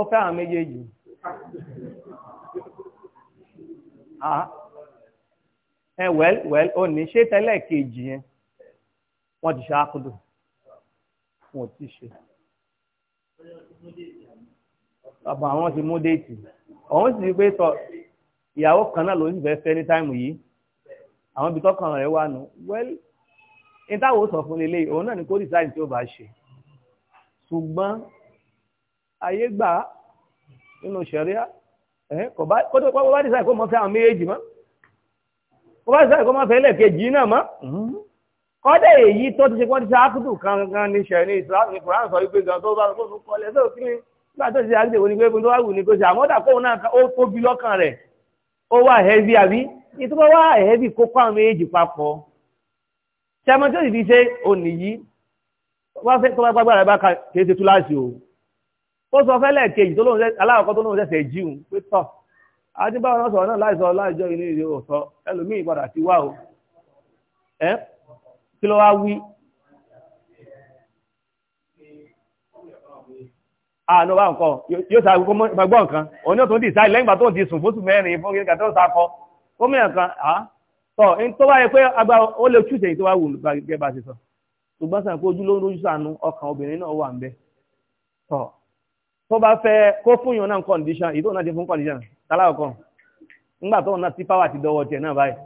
ó fẹ́ àwọn méjèèjì ẹ wẹ́l wẹ́l ó ní ṣé tẹ́lẹ̀ kejì yẹn wọ́n ti ṣe ákúdù wọ́n ti ṣe àbọ̀ àwọn ti mú déètì ọ̀hún sì pé tọ ìyàwó kan náà ló sì fẹ́ fẹ́ ní táìmù yìí àwọn ibi tọ́kàn rẹ̀ wà nù wẹ́l ní táwọn sọ fún lélẹ́yìí òun náà ni kó dìsáìdì tí ó bá ṣe ṣùgbọ́n ayé gbà á nínú ṣẹ̀ríà kò bá kó bá dísáì kó mọ́ fẹ́ àwọn méjèèjì mọ́ kó bá dísáì kó mọ́ fẹ́ lẹ́ẹ̀kejì náà mọ́ mm-hmm. kọ́dẹ̀ èyí tó ti ṣe kọ́ ti ṣe ákùtù kankan ní ṣẹ̀rí ìsìláàmù ìfúráǹ sọ wípé gan tó bá kó tún kọ́ lẹ́sẹ̀ òkú ni nígbà tó ṣe àgbègbè ní pé kó tó wà wù ní kó ṣe àmọ́dà kóun náà ó tóbi lọ́kàn rẹ̀ ó wà hẹ́vì àbí ìtúbọ̀ wà hẹ́vì kó kọ́ àwọn méjèèjì papọ̀ ṣẹ́mọ́tò ìdíṣe òní yìí wọ́n fẹ́ tó bá gbàgbára bá kà kéṣe túláṣì o ó sọ fẹ́lẹ̀ kejì tó lóun aláwọ̀kọ́ tó lóun ṣẹ̀ṣẹ̀ jíun pé tọ̀ adébáwọ̀ náà sọ̀rọ̀ náà láìsọ láìjọ inú ìdí òsọ ẹlòmíì padà ti wá o ẹ kí ló wá wí. àánú bá nǹkan yóò sa gbogbo gbọ́ nǹkan òun ní ti sáyé lẹ́yìn ìgbà tó ti sùn mẹ́rin fún kíkà tó kọ gómìnà kan á tó ọkàn obìnrin náà wà ń tó bá fẹ́ kó fún yàn náà condition ìdó náà ti fún condition ńgbà tó náà tí power ti dọwọ́ tiẹ̀ náà báyìí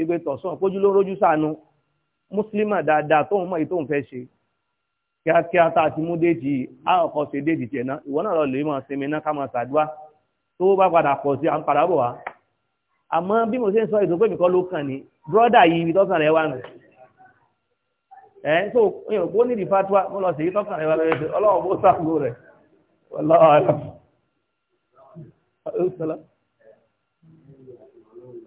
ìgbé tọ̀sán kójú ló rojú sànú mùsùlùmá dáadáa tóun mọ̀ èyí a ti mú ṣe náà ìwọ náà lọ lè máa sinmi náà ká máa ṣàdúrà tó bá padà pọ̀ sí bọ̀ wá àmọ́ bí mo ṣe ń sọ ìdókòwò mi fatwa mo lọ sí والله أعلم السلام